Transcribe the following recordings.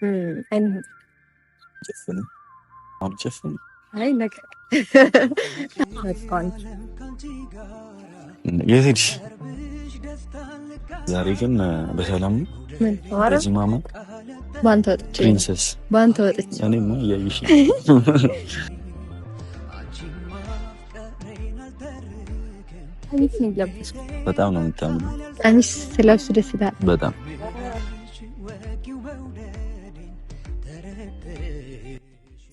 Hmm, mm, የት ሄድሽ? ዛሬ ግን uh, በሰላም በአንተ ወጥቼ ፕሪንሰስ በአንተ ወጥቼ እኔማ እያየሽ በጣም ነው የምታምነው። ቀሚስ ስለብሱ ደስ ይላል በጣም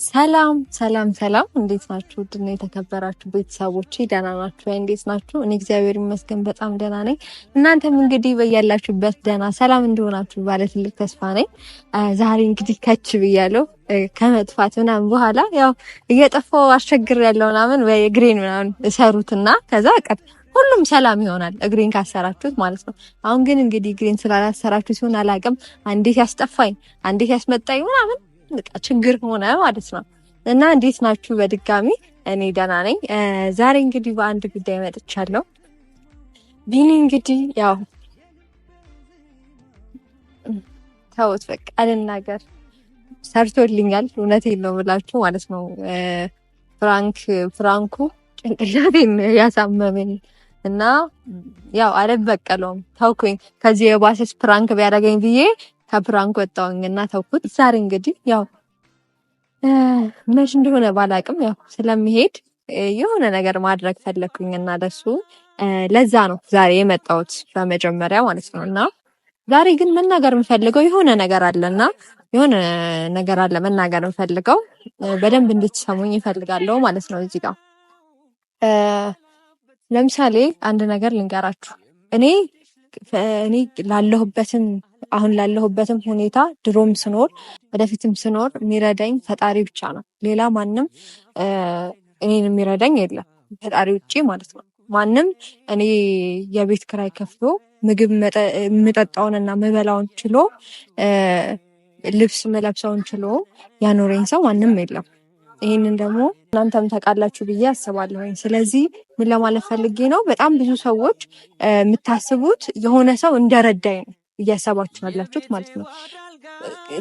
ሰላም ሰላም ሰላም፣ እንዴት ናችሁ? ውድና የተከበራችሁ ቤተሰቦች ደህና ናችሁ? እንዴት ናችሁ? እኔ እግዚአብሔር ይመስገን በጣም ደህና ነኝ። እናንተም እንግዲህ በያላችሁበት ደህና ሰላም እንደሆናችሁ ባለ ትልቅ ተስፋ ነኝ። ዛሬ እንግዲህ ከች ብያለሁ ከመጥፋት ምናምን በኋላ ያው እየጠፋው አስቸግር ያለው ምናምን በእግሬን ምናምን እሰሩትና ከዛ ቀጥ ሁሉም ሰላም ይሆናል፣ እግሬን ካሰራችሁት ማለት ነው። አሁን ግን እንግዲህ እግሬን ስላላሰራችሁ ሲሆን አላቅም፣ አንዴት ያስጠፋኝ፣ አንዴት ያስመጣኝ ምናምን በቃ ችግር ሆነ ማለት ነው። እና እንዴት ናችሁ? በድጋሚ እኔ ደህና ነኝ። ዛሬ እንግዲህ በአንድ ጉዳይ መጥቻለሁ። ቢኒ እንግዲህ ያው ተውት በቃ አልናገር ሰርቶልኛል። እውነቴን ነው የምላችሁ ማለት ነው። ፍራንክ ፍራንኩ ጭንቅላቴን ያሳመመኝ እና ያው አልበቀለውም፣ ተውኩኝ። ከዚህ የባሰስ ፍራንክ ቢያደርገኝ ብዬ ከፕራንክ ወጣውኝ እና ተውኩት። ዛሬ እንግዲህ ያው መች እንደሆነ ባላቅም ያው ስለሚሄድ የሆነ ነገር ማድረግ ፈለግኩኝ እና ደሱ ለዛ ነው ዛሬ የመጣሁት በመጀመሪያ ማለት ነው። እና ዛሬ ግን መናገር የምፈልገው የሆነ ነገር እና የሆነ ነገር አለ መናገር የምፈልገው በደንብ እንድትሰሙኝ ይፈልጋለሁ ማለት ነው። እዚህ ጋር ለምሳሌ አንድ ነገር ልንገራችሁ። እኔ እኔ ላለሁበትን አሁን ላለሁበትም ሁኔታ ድሮም ስኖር ወደፊትም ስኖር የሚረዳኝ ፈጣሪ ብቻ ነው። ሌላ ማንም እኔን የሚረዳኝ የለም ፈጣሪ ውጭ ማለት ነው። ማንም እኔ የቤት ክራይ ከፍሎ ምግብ የምጠጣውንና ምበላውን ችሎ ልብስ ምለብሰውን ችሎ ያኖረኝ ሰው ማንም የለም። ይህንን ደግሞ እናንተም ታውቃላችሁ ብዬ አስባለሁኝ። ስለዚህ ምን ለማለት ፈልጌ ነው፣ በጣም ብዙ ሰዎች የምታስቡት የሆነ ሰው እንደረዳኝ ነው እያሰባችሁ ያላችሁት ማለት ነው።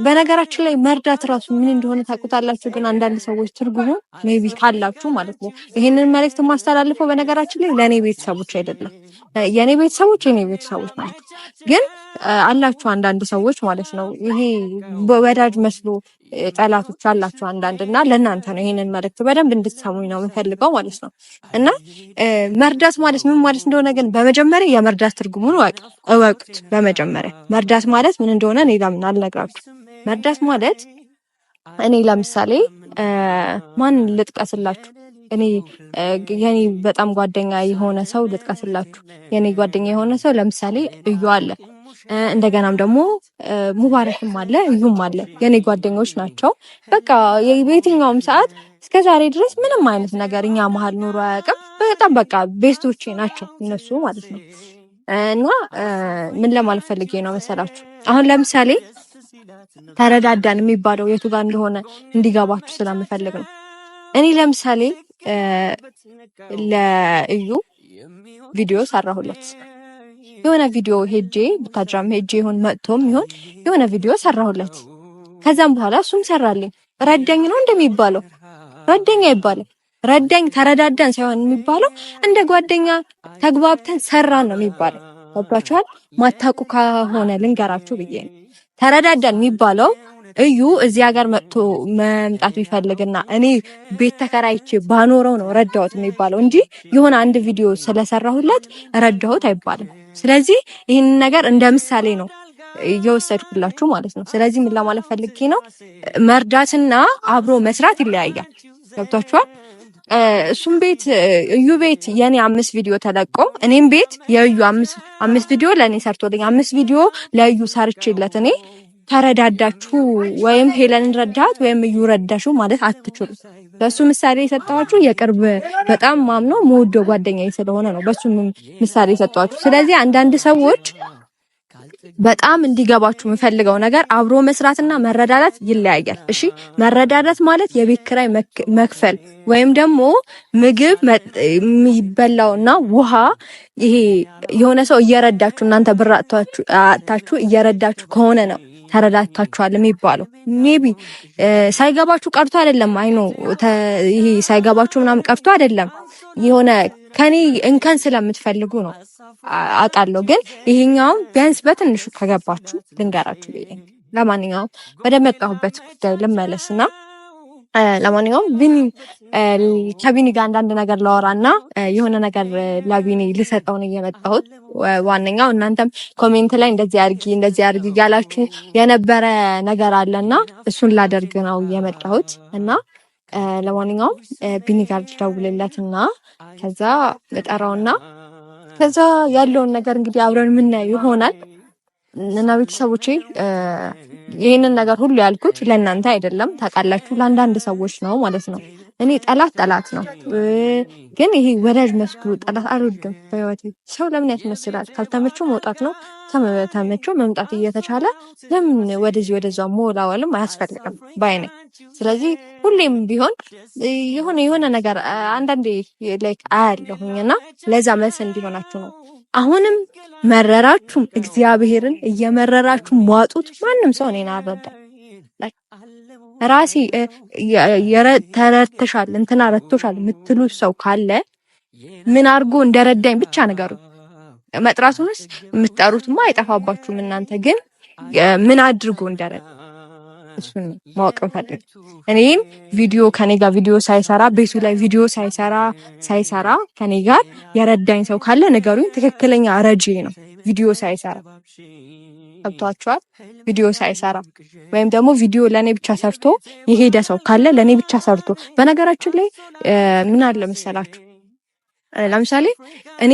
በነገራችን ላይ መርዳት ራሱ ምን እንደሆነ ታውቁታላችሁ፣ ግን አንዳንድ ሰዎች ትርጉሙ ሜይ ቢ ካላችሁ ማለት ነው። ይህንን መልእክት የማስተላልፈው በነገራችን ላይ ለእኔ ቤተሰቦች አይደለም። የእኔ ቤተሰቦች የኔ ቤተሰቦች ናቸው። ግን አላችሁ አንዳንድ ሰዎች ማለት ነው፣ ይሄ ወዳጅ መስሎ ጠላቶች አላችሁ አንዳንድ እና ለእናንተ ነው ይህንን መልእክት በደንብ እንድትሰሙኝ ነው የምፈልገው ማለት ነው። እና መርዳት ማለት ምን ማለት እንደሆነ ግን በመጀመሪያ የመርዳት ትርጉሙን እወቁት። በመጀመሪያ መርዳት ማለት ምን እንደሆነ እኔ ለምን አልነገ ልርዳችሁ? መርዳት ማለት እኔ ለምሳሌ ማን ልጥቀስላችሁ? እኔ የኔ በጣም ጓደኛ የሆነ ሰው ልጥቀስላችሁ። የኔ ጓደኛ የሆነ ሰው ለምሳሌ እዩ አለ፣ እንደገናም ደግሞ ሙባረክም አለ፣ እዩም አለ። የኔ ጓደኞች ናቸው። በቃ በየትኛውም ሰዓት እስከ ዛሬ ድረስ ምንም አይነት ነገር እኛ መሀል ኑሮ አያውቅም። በጣም በቃ ቤስቶቼ ናቸው እነሱ ማለት ነው። እና ምን ለማለት ነው መሰላችሁ አሁን ለምሳሌ ተረዳዳን የሚባለው የቱ ጋር እንደሆነ እንዲገባችሁ ስለምፈልግ ነው። እኔ ለምሳሌ ለእዩ ቪዲዮ ሰራሁለት የሆነ ቪዲዮ ሄጄ ብታጅራም ሄጄ ይሁን መጥቶም ይሁን የሆነ ቪዲዮ ሰራሁለት። ከዛም በኋላ እሱም ሰራልኝ። ረዳኝ ነው እንደሚባለው ረዳኝ አይባልም። ረዳኝ ተረዳዳን ሳይሆን የሚባለው እንደ ጓደኛ ተግባብተን ሰራን ነው የሚባለው። ገባችኋል? ማታውቁ ከሆነ ልንገራችሁ ብዬ ነው። ተረዳዳን የሚባለው እዩ እዚህ ሀገር መጥቶ መምጣት ቢፈልግና እኔ ቤት ተከራይቼ ባኖረው ነው ረዳሁት የሚባለው እንጂ የሆነ አንድ ቪዲዮ ስለሰራሁለት ረዳሁት አይባልም። ስለዚህ ይህን ነገር እንደ ምሳሌ ነው እየወሰድኩላችሁ ማለት ነው። ስለዚህ ምን ለማለት ፈልጌ ነው፣ መርዳትና አብሮ መስራት ይለያያል። ገብቷችኋል? እሱም ቤት እዩ ቤት የኔ አምስት ቪዲዮ ተለቆ እኔም ቤት የእዩ አምስት ቪዲዮ ለእኔ ሰርቶልኝ አምስት ቪዲዮ ለእዩ ሰርችለት እኔ ተረዳዳችሁ ወይም ሄለን ረዳት ወይም እዩ ረዳሹ ማለት አትችሉ። በሱ ምሳሌ የሰጠዋችሁ የቅርብ በጣም ማምኖ መውዶ ጓደኛ ስለሆነ ነው። በሱ ምሳሌ የሰጠዋችሁ። ስለዚህ አንዳንድ ሰዎች በጣም እንዲገባችሁ የምፈልገው ነገር አብሮ መስራትና መረዳዳት ይለያያል። እሺ፣ መረዳዳት ማለት የቤት ክራይ መክፈል ወይም ደግሞ ምግብ የሚበላውና ውሃ፣ ይሄ የሆነ ሰው እየረዳችሁ እናንተ ብር አጥታችሁ እየረዳችሁ ከሆነ ነው ተረዳታችኋል የሚባለው። ሜቢ ሳይገባችሁ ቀርቶ አይደለም። አይኖ ይሄ ሳይገባችሁ ምናምን ቀርቶ አይደለም የሆነ ከኔ እንከን ስለምትፈልጉ ነው አውቃለሁ። ግን ይሄኛውን ቢያንስ በትንሹ ከገባችሁ ልንገራችሁ ለማንኛውም ወደ መጣሁበት ጉዳይ ልመለስና ለማንኛውም ቢኒ ከቢኒ ጋር አንዳንድ ነገር ላወራና የሆነ ነገር ለቢኒ ልሰጠውን እየመጣሁት ዋነኛው እናንተም ኮሜንት ላይ እንደዚህ አድርጊ እንደዚህ አድርጊ እያላችሁ የነበረ ነገር አለና እሱን ላደርግ ነው እየመጣሁት እና ለማንኛውም ቢኒ ጋር ደውልለትና ከዛ እጠራውና ከዛ ያለውን ነገር እንግዲህ አብረን የምናየው ይሆናል እና ቤተሰቦቼ ይህንን ነገር ሁሉ ያልኩት ለእናንተ አይደለም፣ ታውቃላችሁ፣ ለአንዳንድ ሰዎች ነው ማለት ነው። እኔ ጠላት ጠላት ነው፣ ግን ይሄ ወዳጅ መስሉ ጠላት አልወድም በህይወቴ። ሰው ለምን ያስመስላል? ካልተመቹ መውጣት ነው። ተመቹ መምጣት እየተቻለ ለምን ወደዚህ ወደዛ መወላወልም አያስፈልግም ባይ ነኝ። ስለዚህ ሁሌም ቢሆን የሆነ የሆነ ነገር አንዳንዴ ላይክ አያለሁኝ እና ለዛ መልስ እንዲሆናችሁ ነው። አሁንም መረራችሁም እግዚአብሔርን እየመረራችሁ ዋጡት። ማንም ሰው እኔን አልረዳም። ራሴ ተረድተሻል እንትና ረድቶሻል የምትሉ ሰው ካለ ምን አድርጎ እንደረዳኝ ብቻ ነገሩ። መጥራቱንስ የምትጠሩትማ አይጠፋባችሁም እናንተ ግን ምን አድርጎ እንደረዳ እሱን ማወቅ እንፈልግ። እኔም ቪዲዮ ከኔ ጋር ቪዲዮ ሳይሰራ ቤቱ ላይ ቪዲዮ ሳይሰራ ሳይሰራ ከኔ ጋር የረዳኝ ሰው ካለ ነገሩኝ። ትክክለኛ ረጂ ነው ቪዲዮ ሳይሰራ ገብቷቸዋል። ቪዲዮ ሳይሰራ ወይም ደግሞ ቪዲዮ ለእኔ ብቻ ሰርቶ የሄደ ሰው ካለ ለእኔ ብቻ ሰርቶ። በነገራችን ላይ ምን አለ መሰላችሁ፣ ለምሳሌ እኔ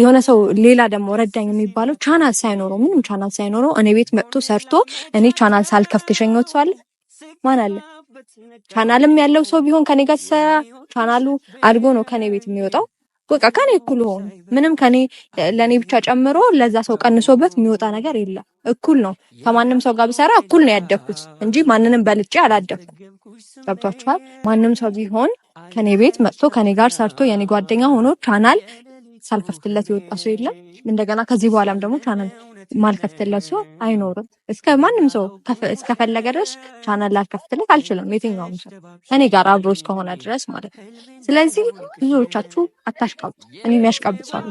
የሆነ ሰው ሌላ ደግሞ ረዳኝ የሚባለው ቻናል ሳይኖረው ምንም ቻናል ሳይኖረው እኔ ቤት መጥቶ ሰርቶ እኔ ቻናል ሳልከፍት የሸኘሁት ሰው አለ? ማን አለ? ቻናልም ያለው ሰው ቢሆን ከኔ ጋር ሲሰራ ቻናሉ አድጎ ነው ከኔ ቤት የሚወጣው በቃ ከኔ እኩል ሆኑ። ምንም ከኔ ለኔ ብቻ ጨምሮ ለዛ ሰው ቀንሶበት የሚወጣ ነገር የለም። እኩል ነው። ከማንም ሰው ጋር ብሰራ እኩል ነው ያደግኩት እንጂ ማንንም በልጬ አላደግኩም። ገብቷችኋል? ማንም ሰው ቢሆን ከኔ ቤት መጥቶ ከኔ ጋር ሰርቶ የኔ ጓደኛ ሆኖ ቻናል ሳልከፍትለት የወጣ ሰው የለም። እንደገና ከዚህ በኋላም ደግሞ ቻናል ማልከፍትለት ሰው አይኖርም። እስከ ማንም ሰው እስከፈለገ ድረስ ቻናል ላልከፍትለት አልችልም፣ የትኛውም ሰው እኔ ጋር አብሮ እስከሆነ ድረስ ማለት ነው። ስለዚህ ብዙዎቻችሁ አታሽቃብጡ። እኔ የሚያሽቃብጻሉ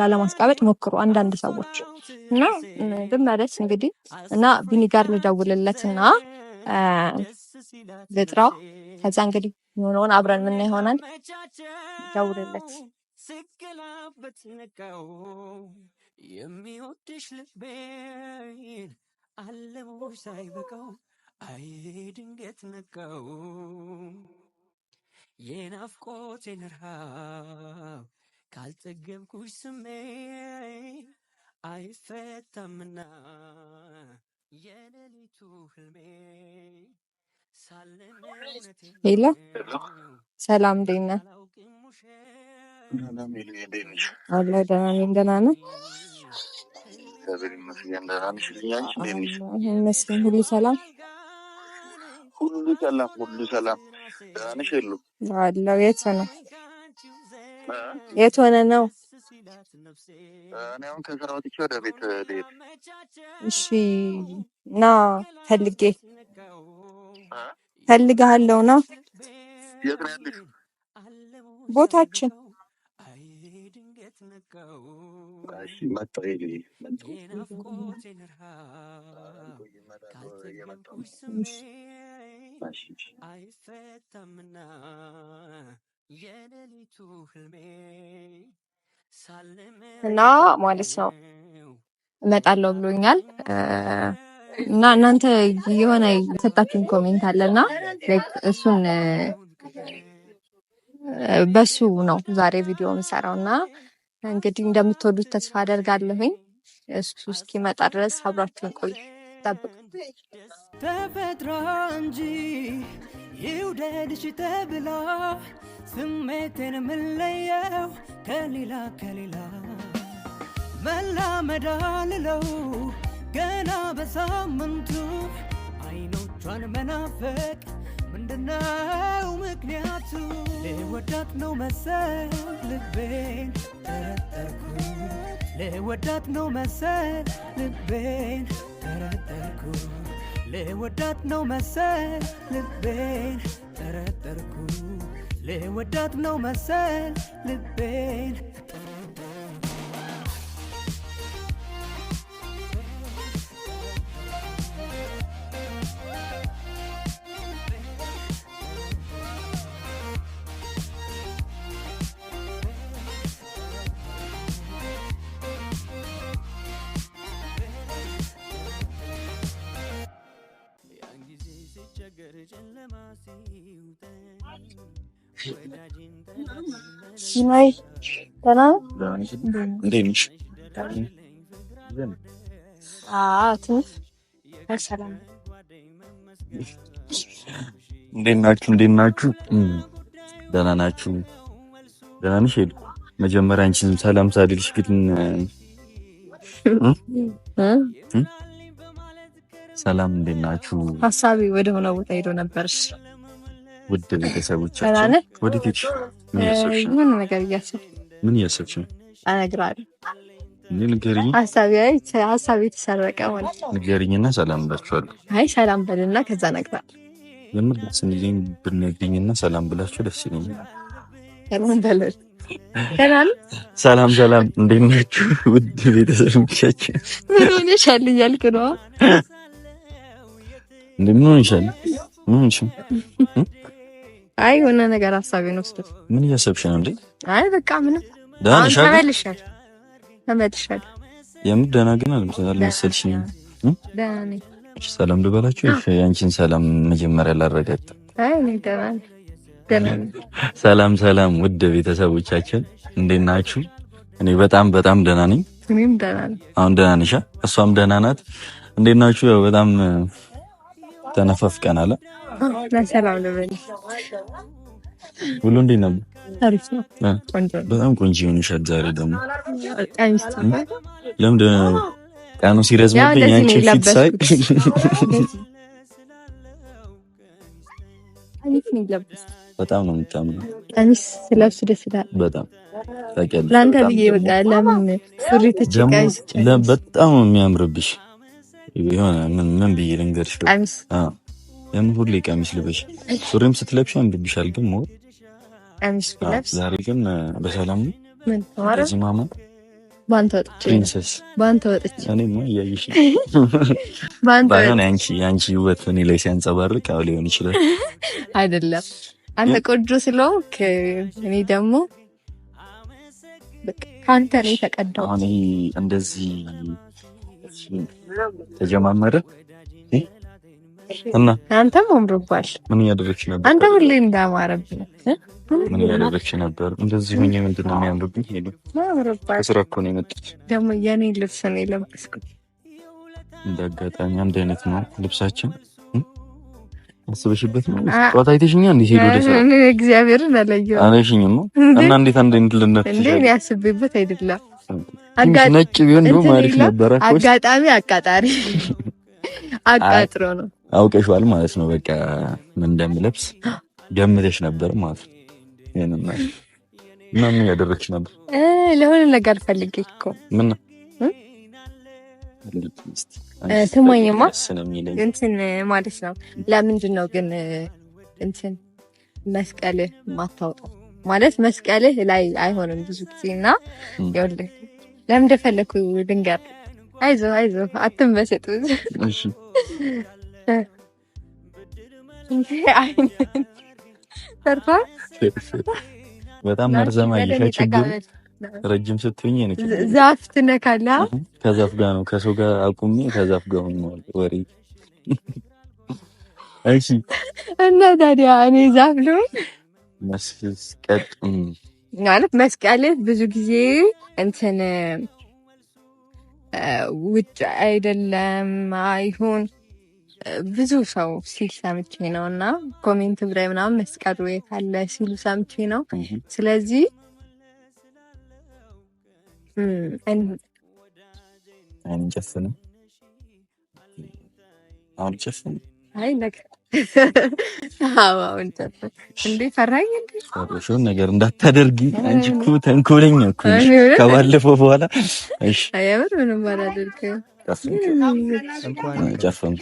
ላለማስቃበጥ ሞክሩ አንዳንድ ሰዎች እና ብመለስ እንግዲህ እና ቢኒ ጋር ልደውልለት እና ልጥራው ከዛ እንግዲህ የሆነውን አብረን ምን ይሆናል ደውልለት የሚወድሽ ልቤን አለሞሽ ሳይበቃው አይ ድንገት ነቃው የናፍቆቴን ረሃብ ካልጠገብኩሽ ስሜ አይፈታምና የሌሊቱ ህልሜ ሳለም ሄሎ ሰላም እንዴት ሰላም ደህና ነኝ። ደህና ነህ? እግዚአብሔር ይመስገን። ደህና ነሽ? ነሽ? ይመስገን። ሁሉ ሰላም፣ ሁሉ ሰላም፣ ሁሉ ሰላም። ደህና ነሽ? የሉ የት ሆነ የት ሆነ ነው? እኔ አሁን ከስራ ወጥቼ ወደ ቤት ልሄድ። እሺ፣ ና ፈልጌ ፈልግሃለሁ። ና የት ነው ያለሽው? ቦታችን አይፈታምና የሌሊቱ ህልሜ እና ማለት ነው እመጣለሁ ብሎኛል እና እናንተ የሆነ የሰጣችሁን ኮሜንት አለ ላይክ እሱን በሱ ነው ዛሬ ቪዲዮ የምሰራው እና እንግዲህ እንደምትወዱት ተስፋ አደርጋለሁኝ። እሱ እስኪመጣ ድረስ አብራችሁን ቆዩ። ጠብቁ። ተፈጥሮ እንጂ ይውደድሽ ተብላ ስሜትን የምለየው ከሌላ ከሌላ መላመዳልለው ልለው ገና በሳምንቱ አይኖቿን መናፈቅ ምንድነው ምክንያቱ? ወዳት ነው መሰል ልቤ ተፈጠርኩ ለወዳት ነው መሰል ልቤን ጠረጠርኩ ለወዳት ነው መሰል ልቤን ጠረጠርኩ ልወዳት ነው መሰል ልቤን ሲማይ ደህና ነህ? እንዴት ነሽ? አዎ ትንሽ እንዴት ናችሁ? እንዴት ናችሁ? ደህና ናችሁ? ደህና ነሽ? ሄድኩ መጀመሪያ አንቺንም ሰላም ሳልልሽ ግን ሰላም እንዴት ናችሁ? ሀሳቤ ወደ ሆነ ቦታ ሄዶ ነበርሽ። ውድ ቤተሰቦቻችን ወዴት ሄድሽ? ምን ነገር እያሰብሽ ምን እያሰብሽ ነው? እነግርሀለሁ። ንገሪኝ። ሀሳቤ የተሰረቀ ሆነ። ንገሪኝና ሰላም ብላችኋለሁ። አይ ሰላም በልና ከዛ እነግርሀለሁ። የምር ደስ እንዲለኝ ብትነግሪኝና ሰላም ብላችሁ ደስ ይለኛል። ሰላም ሰላም ሰላም፣ እንዴት ናችሁ ውድ ቤተሰቦቻችን? ምን ሆነሻል እያልክ ነዋ? እንደምን ሆነሻል? ምን ሆነሻል? አይ የሆነ ነገር ሀሳቤን ወስደህ ምን እያሰብሽ ነው እንዴ? አይ በቃ ምንም ደህና ነሽ አይደል? ተመልሻል ተመልሻል። የምር ደህና ግን አልመሰልሽኝም። ደህና ነኝ። እሺ ሰላም ልበላችሁ። እሺ ያንቺን ሰላም መጀመሪያ ላረጋግጥ። አይ እኔ ደህና ነኝ ደህና ነኝ። ሰላም ሰላም፣ ውድ ቤተሰቦቻችን እንዴት ናችሁ? እኔ በጣም በጣም ደህና ነኝ። እኔም ደህና ነኝ። አሁን ደህና ነሽ? እሷም ደህና ናት። እንዴት ናችሁ? በጣም ተነፋፍቀናል። በሰላም ልበል ሁሉ እንዴት ነበር? አሪፍ ነው። በጣም ቆንጆ ሆነሻል። ዛሬ ደግሞ ለምንድን ነው ቀኑ ሲረዝምብኝ አንቺን ፊት ሳይ በጣም ነው የምታምነው። ቀሚስ ስለብሱ ደስ ይላል። በጣም ለአንተ ብዬ በቃ ለምን ሱሪ ትቼ ቀሚስ በጣም የሚያምርብሽ የሆነ ምን ምን ብዬ ልንገርሽ ቀሚስ የምን ሁሌ ቀሚስ ልበሽ ሱሪም ስትለብሽ ያምርብሻል። ግን ሞር ቀሚስ ብለብስ ዛሬ ግን በሰላም ነው። ምን ማማ ባንተ ባንተ ወጥቼ ያንቺ ውበት እኔ ላይ ሲያንጸባርቅ ያው ሊሆን ይችላል። አይደለም አንተ ቆንጆ ስለሆንክ እኔ ደግሞ ከአንተ ነው የተቀዳሁት። እንደዚህ ተጀማመረ እና አንተም አምሮባል። ምን እያደረግሽ ነበር? አንተ ሁሌ እንዳማረብኝ ምን እያደረግሽ ነበር? እንደዚህ ሆኜ ምንድን ነው የሚያምርብኝ? ሄዱ ስራ እኮ ነው የመጡት። ደግሞ የኔ ልብስ ነው የለበስኩት። እንደ አጋጣሚ አንድ አይነት ነው ልብሳችን። አስበሽበት ነው? ጠዋት አይተሽኛ? እንዲህ ሄዱ ወደ ስራ እግዚአብሔርን አላየሁም። አላየሽኝም ነው? እና እንዴት አንድ አይነት ልነት እንዴ ያስቤበት አይደለም። ነጭ ቢሆን ዶ ማሪፍ ነበረ። አጋጣሚ አቃጣሪ አቃጥሮ ነው አውቀሽዋል ማለት ነው። በቃ ምን እንደምለብስ ገምተሽ ነበር ማለት ነው። ይሄንን እና ምን ያደረግሽ ነበር? ለሆነ ነገር ፈልጌ እኮ ምን ስማኝማ እንትን ማለት ነው። ለምንድን ነው ግን እንትን መስቀልህ ማታውጣው ማለት መስቀልህ ላይ አይሆንም ብዙ ጊዜ እና ይኸውልህ ለምን እንደፈለግኩ ድንገር አይዞህ አይዞህ አትመሰጥ ብዙ በጣም መርዘማ ረጅም ስትሆኝ ዛፍ ትነካለህ። ከዛፍ ጋር ነው ከሰው ጋር አቁሜ ከዛፍ ጋር ሆኗል ወሬ። እሺ እና ታዲያ እኔ ዛፍ መስቀል ማለት መስቀል ብዙ ጊዜ እንትን ውጭ አይደለም አይሁን ብዙ ሰው ሲል ሰምቼ ነው እና ኮሜንት ላይ ምናምን መስቀል ወይ ካለ ሲሉ ሰምቼ ነው። ስለዚህ አንጨፍንም አልጨፍንም። አይ ነገ ነገር እንዳታደርጊ አንቺ እኮ ተንኮለኛ እኮ ከባለፈው በኋላ እሺ፣ አያምር ምንም አላደርግም። ጨፍን ጨፍን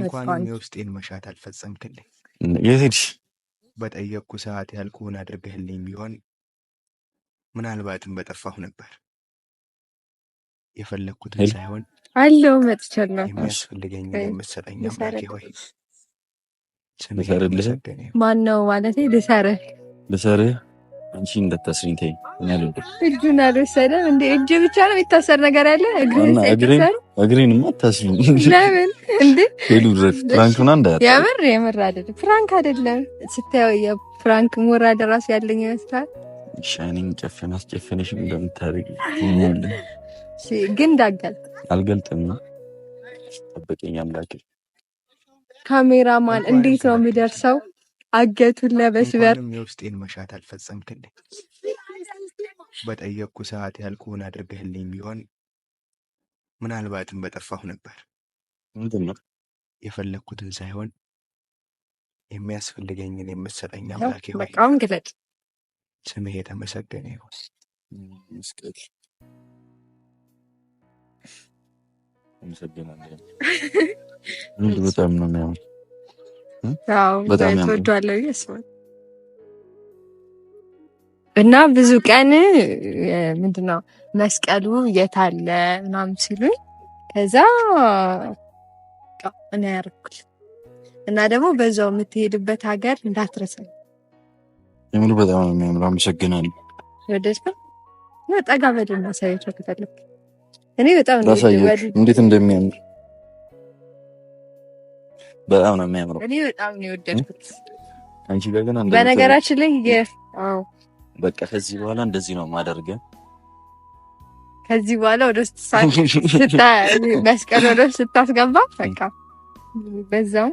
እንኳንም የውስጤን መሻት አልፈጸምክልኝ። የትሄድሽ በጠየቅኩ ሰዓት ያልኩህን አድርገህልኝ ቢሆን ምናልባትም በጠፋሁ ነበር። የፈለግኩትን ሳይሆን አለው መጥቻለሁ። የሚያስፈልገኝ የምትሰጠኝ አምላኬ ሆይ ስምህ ይመስገን። ማን ነው ማለቴ ልሰርህ ልሰርህ አንቺ እንደታስሪኝ ተይኝ። እጁን አልወሰደም እንዴ? እጅ ብቻ ነው የሚታሰር ነገር ያለ እግሬንማ አታስሪኝ። ለምን እንዴ? ፍራንክ ምናምን እንዳያት። የምር የምር አይደለም ፍራንክ አይደለም። ስታየው የፍራንክ ያለኝ ይመስላል። ጨፈን እንደምታደርግ ግን ካሜራማን እንዴት ነው የሚደርሰው? አገቱን ለመስበር የውስጤን መሻት አልፈጸምክልኝ። በጠየቅኩ ሰዓት ያልኩህን አድርገህልኝ ቢሆን ምናልባትም በጠፋሁ ነበር። ምንድን የፈለግኩትን ሳይሆን የሚያስፈልገኝን የምትሰጠኝ አምላኬ ሆይ ግለጥ። ስምህ የተመሰገነ ይሁን። በጣም ነው የሚያምር በጣም እና ብዙ ቀን ምንድነው መስቀሉ የት አለ ምናምን ሲሉኝ ከዛ እኔ ያርኩል እና ደግሞ በዛው የምትሄድበት ሀገር እንዳትረሳኝ። የምር በጣም ነው የሚያምር። አመሰግናለሁ። ወደድከው? ጠጋ በደንብ አሳያቸው ከፈለግ እኔ በጣም እንዴት እንደሚያምር በጣም ነው የሚያምረው። እኔ በጣም ነው የወደድኩት። አንቺ ጋር ግን በነገራችን ላይ በቃ ከዚህ በኋላ እንደዚህ ነው ማደርገን። ከዚህ በኋላ ወደ ውስጥ መስቀል ወደ ውስጥ ስታስገባ በቃ በዛው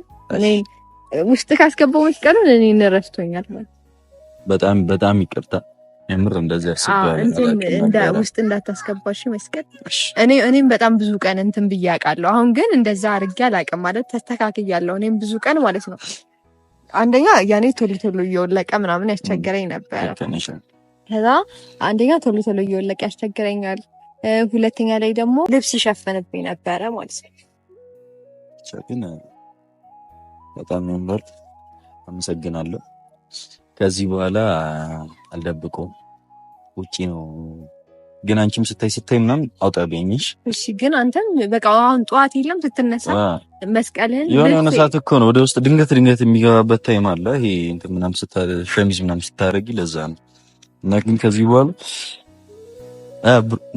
ውስጥ ካስገባው መስቀሉን እኔ እንረስቶኛል በጣም በጣም ይቅርታ የምር እንደዚህ እንደ ውስጥ እንዳታስገባሽ መስቀል። እኔ እኔም በጣም ብዙ ቀን እንትን ብዬ አውቃለሁ። አሁን ግን እንደዛ አድርጌ አላውቅም ማለት ተስተካክያለሁ። እኔም ብዙ ቀን ማለት ነው አንደኛ ያኔ ቶሎ ቶሎ እየወለቀ ምናምን ያስቸገረኝ ነበር። ከዛ አንደኛ ቶሎ ቶሎ እየወለቀ ያስቸግረኛል፣ ሁለተኛ ላይ ደግሞ ልብስ ይሸፍንብኝ ነበረ ማለት ነው። ግን በጣም አመሰግናለሁ። ከዚህ በኋላ አልደብቀውም። ውጪ ነው ግን አንቺም ስታይ ስታይ ምናምን አውጣብኝሽ። እሺ ግን አንተም በቃ አሁን ጠዋት የለም ስትነሳ መስቀልህን የሆነ የሆነ ሰዓት እኮ ነው ወደ ውስጥ ድንገት ድንገት የሚገባበት ታይም አለ። ይሄ እንትን ምናምን ስታ ሸሚዝ ምናምን ስታደርጊ ለዛ ነው። እና ግን ከዚህ በኋላ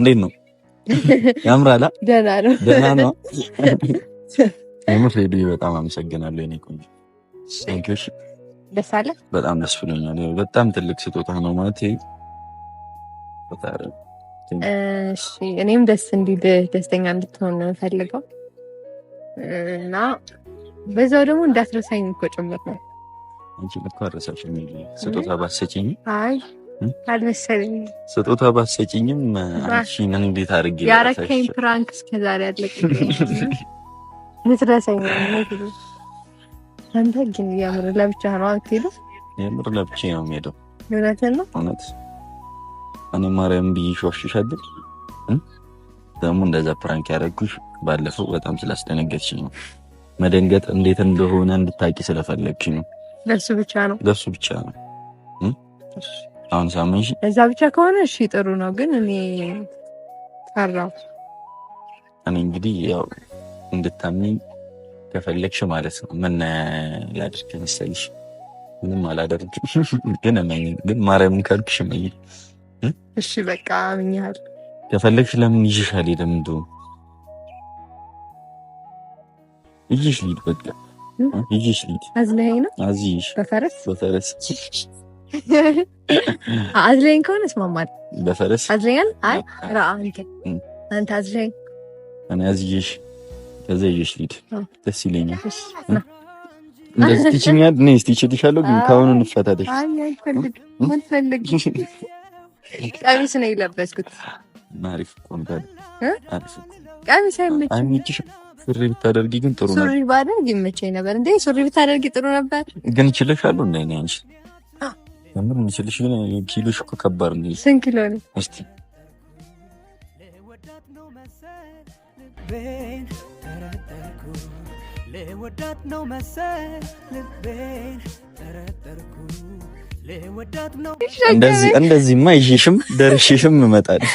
እንዴት ነው ያምራላ። ደህና ነው ደህና ነው። የምር ሄዱ። በጣም አመሰግናለሁ ኔ ቆንጆ። ደስ አለ። በጣም ደስ ብሎኛል። በጣም ትልቅ ስጦታ ነው ማለት እኔም ደስ እንዲል ደስተኛ እንድትሆን ነው ፈልገው እና በዛው ደግሞ እንዳትረሳኝ እኮ ጭምር ነው። አንቺ እኮ አረሳሽኝ። ስጦታ ባሰጭኝ አይ አልመሰለኝም። ስጦታ ባሰጭኝም አንቺን እንዴት አድርጌ ያረከኝ ፕራንክ እስከዛሬ ያለቅ ምትረሳኝ አንተ ግን የምር ለብቻ ነው አትሄዱ? የምር ለብቻ ነው የሚሄደው። እውነትህን ነው። እውነት እኔ ማርያም ብዬሽ ዋሽሻለሁ። ደግሞ እንደዛ ፕራንክ ያደረግኩሽ ባለፈው በጣም ስላስደነገጥሽኝ ነው። መደንገጥ እንዴት እንደሆነ እንድታቂ ስለፈለግሽ ነው። ለሱ ብቻ ነው፣ ለሱ ብቻ ነው። አሁን ሳምንሽ እዛ ብቻ ከሆነ እሺ ጥሩ ነው። ግን እኔ ፈራሁ። እኔ እንግዲህ ያው እንድታምኝ ከፈለግሽ ማለት ነው። ምን ላድርግ መሰለሽ? ምንም አላደርግም፣ ግን እመኝ ግን ማርያምን ካልኩሽ እመኝ። እሺ በቃ ምኛል ከፈለግሽ ለምን ይዤሽ አልሄድም? እንደውም ይዤሽ ልሂድ፣ በቃ ይዤሽ ልሂድ። አዝለኸኝ ነው? አዝዤሽ በፈረስ በፈረስ አዝለኸኝ ከሆነ እስማማለሁ። በፈረስ አዝለኸኛል። አይ ራ አንተ አንተ አዝለኸኝ እኔ አዝዤሽ ከዛ ይዤሽ ልሂድ ደስ ይለኛል። እንደዚህ ትችኛል ስቲች ትሻለሁ፣ ግን ከአሁኑ እንፈታደሽ። ቀሚስ ነው የለበስኩት። አሪፍ ቀሚስ አይመችሽ። ሱሪ ብታደርጊ ግን ጥሩ ነበር። ሱሪ ባደርግ ይመቸኝ ነበር። ሱሪ ብታደርጊ ጥሩ ነበር። ግን እንደ እኔ አንቺ ግን ኪሎሽ እኮ ከባድ ነው። ስንት ኪሎ ነው እስቲ? ጠረጠርኩ ልወዳት ነው መሰል ልቤን ጠረጠርኩ ልወዳት ነው። እንደዚህ እንደዚህማ ይዤሽም ደርሼሽም እመጣለሁ።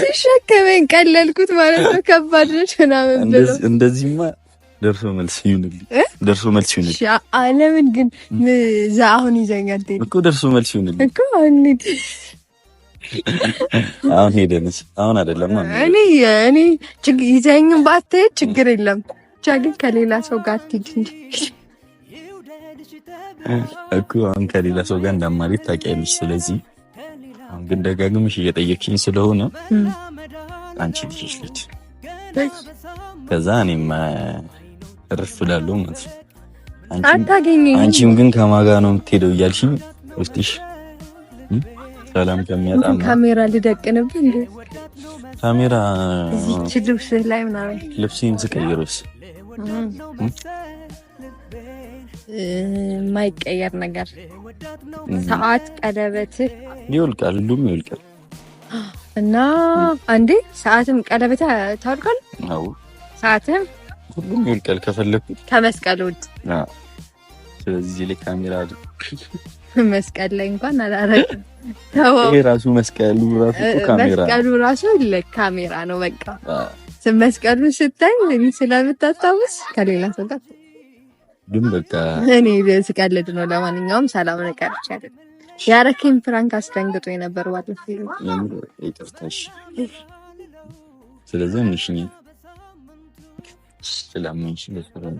ሲሸከመኝ ቀለልኩት ማለት ነው። ከባድ ነች ምናምን ብለው እንደዚህማ ደርሶ መልስ ይሁንልኝ፣ ደርሶ መልስ ይሁንልኝ። አለምን ግን ዛ አሁን ይዘኛል እኮ ደርሶ መልስ ይሁንልኝ እኮ አሁን አሁን ሄደንስ አሁን አይደለም። እኔ እኔ ችግር ይዘኝም ባትሄድ ችግር የለም ብቻ ግን ከሌላ ሰው ጋር አትሄድ እንጂ እኮ አሁን ከሌላ ሰው ጋር እንዳማሪት ታውቂያለሽ። ስለዚህ አሁን ግን ደጋግምሽ እየጠየቅሽኝ ስለሆነ አንቺ ልጅሽ ልጅ ከዛ እኔም እርፍ እላለሁ ማለት ነው። አንቺም ግን ከማጋ ነው የምትሄደው እያልሽኝ ውስጥሽ ሰላም ከሚያጣም ካሜራ ልደቅንብህ እንዴ? ካሜራ እዚች ልብስ ላይ ምናምን ልብስህን ስቀይርስ የማይቀየር ነገር ሰዓት፣ ቀለበትህ ይወልቃል፣ ሁሉም ይወልቃል። እና አንዴ ሰዓትም ቀለበት ታወልቃል፣ ሰዓትም ሁሉም ይወልቃል። ከፈለኩ ከመስቀል ውድ ስለዚህ ላይ ካሜራ መስቀል ላይ እንኳን አላረግም። ይሄ ራሱ መስቀሉ ራሱ ካሜራ መስቀሉ ራሱ ለካሜራ ነው። በቃ ስመስቀሉ ስታይ እኔ ስለምታስታውስ ከሌላ ሰው ጋር ግን በቃ እኔ ስቀልድ ነው። ለማንኛውም ሰላም ነቀርቻ አይደል ያረከኝ ፍራንክ አስደንግጦ የነበር ባለፈው ይቅርታሽ። ስለዚህ ምንሽኝ ስለምንሽ ነው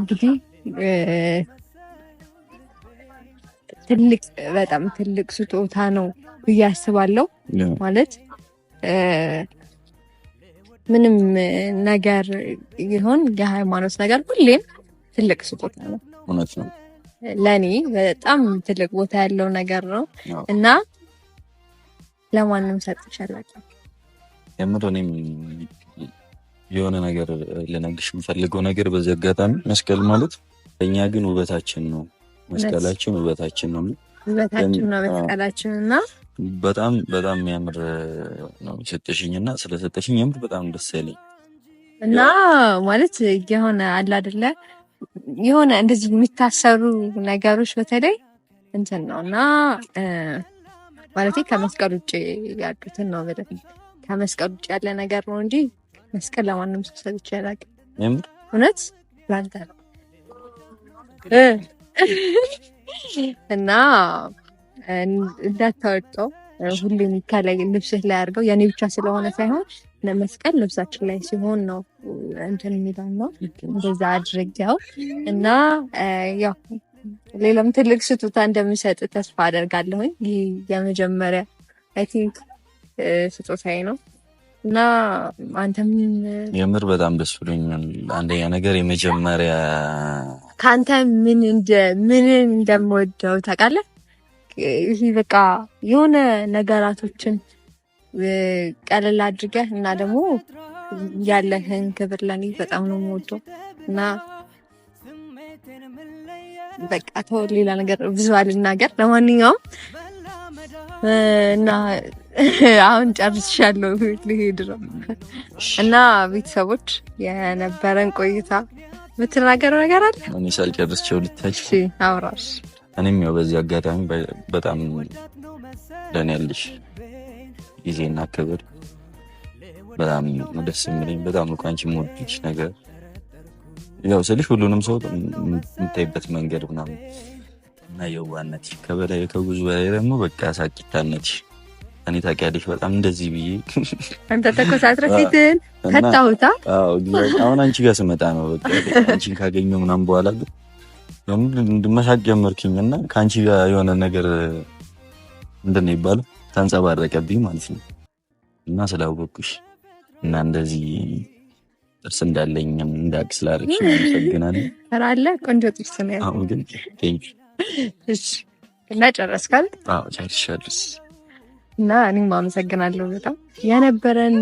እንግዲህ ትልቅ በጣም ትልቅ ስጦታ ነው ብዬ አስባለሁ። ማለት ምንም ነገር ይሆን የሃይማኖት ነገር ሁሌም ትልቅ ስጦታ ነው። እውነት ነው። ለእኔ በጣም ትልቅ ቦታ ያለው ነገር ነው እና ለማንም ሰጥቼ አላውቅም። የምር እኔም የሆነ ነገር ልነግርሽ የምፈልገው ነገር በዚህ አጋጣሚ መስቀል ማለት እኛ ግን ውበታችን ነው መስቀላችን ውበታችን ነው ውበታችን ነው መስቀላችን እና በጣም በጣም የሚያምር ነው የሰጠሽኝ እና ስለሰጠሽኝ የምር በጣም ደስ ያለኝ እና ማለት የሆነ አለ አይደለ የሆነ እንደዚህ የሚታሰሩ ነገሮች በተለይ እንትን ነው እና ማለት ከመስቀል ውጭ ያሉትን ነው በደ ከመስቀል ውጭ ያለ ነገር ነው እንጂ መስቀል ለማንም ሰው ሰጥቼ አላውቅም። እውነት ላንተ ነው። እና እንዳታወጣው ሁሌም ከላይ ልብስህ ላይ አድርገው የኔ ብቻ ስለሆነ ሳይሆን መስቀል ልብሳችን ላይ ሲሆን ነው እንትን የሚለው ነው። እንደዛ አድርጊያው እና ያው ሌላም ትልቅ ስጦታ እንደምሰጥ ተስፋ አደርጋለሁኝ። ይህ የመጀመሪያ አይ ቲንክ ስጦታዬ ነው። እና አንተም የምር በጣም ደስ ብሎኛል። አንደኛ ነገር የመጀመሪያ ከአንተ ምን እንደ ምንን እንደምወደው ታውቃለህ? ይህ በቃ የሆነ ነገራቶችን ቀለል አድርገህ እና ደግሞ ያለህን ክብር ለኔ በጣም ነው የምወደው እና በቃ ተወው፣ ሌላ ነገር ብዙ አልናገር። ለማንኛውም እና አሁን ጨርሻለሁ ቤት ልሄድ ነው። እና ቤተሰቦች የነበረን ቆይታ የምትናገረው ነገር አለ? እኔ ሳልጨርስቸው ልታችሁ አውራሽ እኔም ያው በዚህ አጋጣሚ በጣም ለእኔ ያለሽ ጊዜና ክብር በጣም ደስ የሚለኝ በጣም ልኳንች ከአንቺ ነገር ያው ስልሽ ሁሉንም ሰው የምታይበት መንገድ ምናምን እና የዋነት ከበላይ ከጉዞ በላይ ደግሞ በቃ ሳቂታነት እኔ ታውቂያለሽ፣ በጣም እንደዚህ ብዬ አንተ ተኮሳትረ ፊትን ከታውታ። አሁን አንቺ ጋር ስመጣ ነው በቃ አንቺን ካገኘሁ ምናም በኋላ እንድመሳቅ ጀመርክኝ እና ከአንቺ ጋር የሆነ ነገር ምንድን ነው ይባላል ተንጸባረቀብኝ ማለት ነው እና ስላወቅኩሽ እና እንደዚህ ጥርስ እንዳለኝም እንዳቅ ስላደረግሽ አመሰግናለሁ። ኧረ ቆንጆ ጥርስ ነው ያለው ግን እና ጨረስካል? አዎ ጨርሻለሁ። እና እኔም አመሰግናለሁ በጣም የነበረን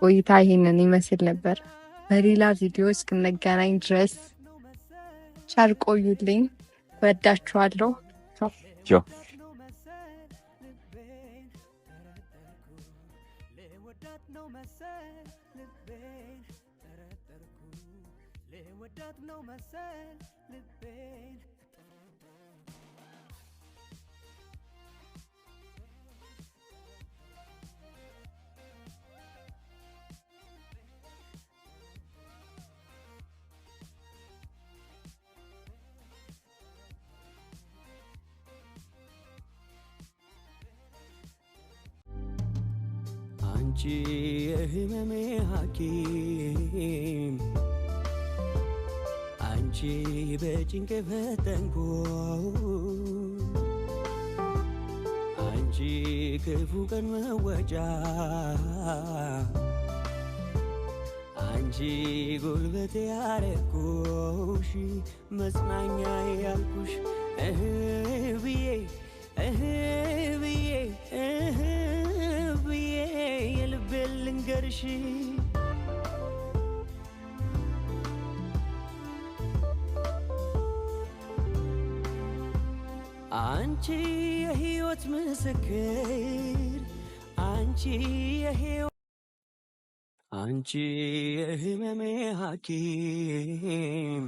ቆይታ ይሄንን ይመስል ነበር። በሌላ ቪዲዮ እስክንገናኝ ድረስ ቸር ቆዩልኝ። ወዳችኋለሁ። ነው መሰል ልቤ አንቺ የህመሜ ሐኪም አንቺ በጭንቅ ፈተንኩ አንቺ ክፉ ቀን መወጫ አንቺ ጉልበቴ ያረኩሽ መጽናኛ ያልኩሽ እህ ብዬ እህ ብዬ እህ ሺ አንቺ የህይወት ምስክር አንቺ የህይወት አንቺ የህመሜ ሐኪም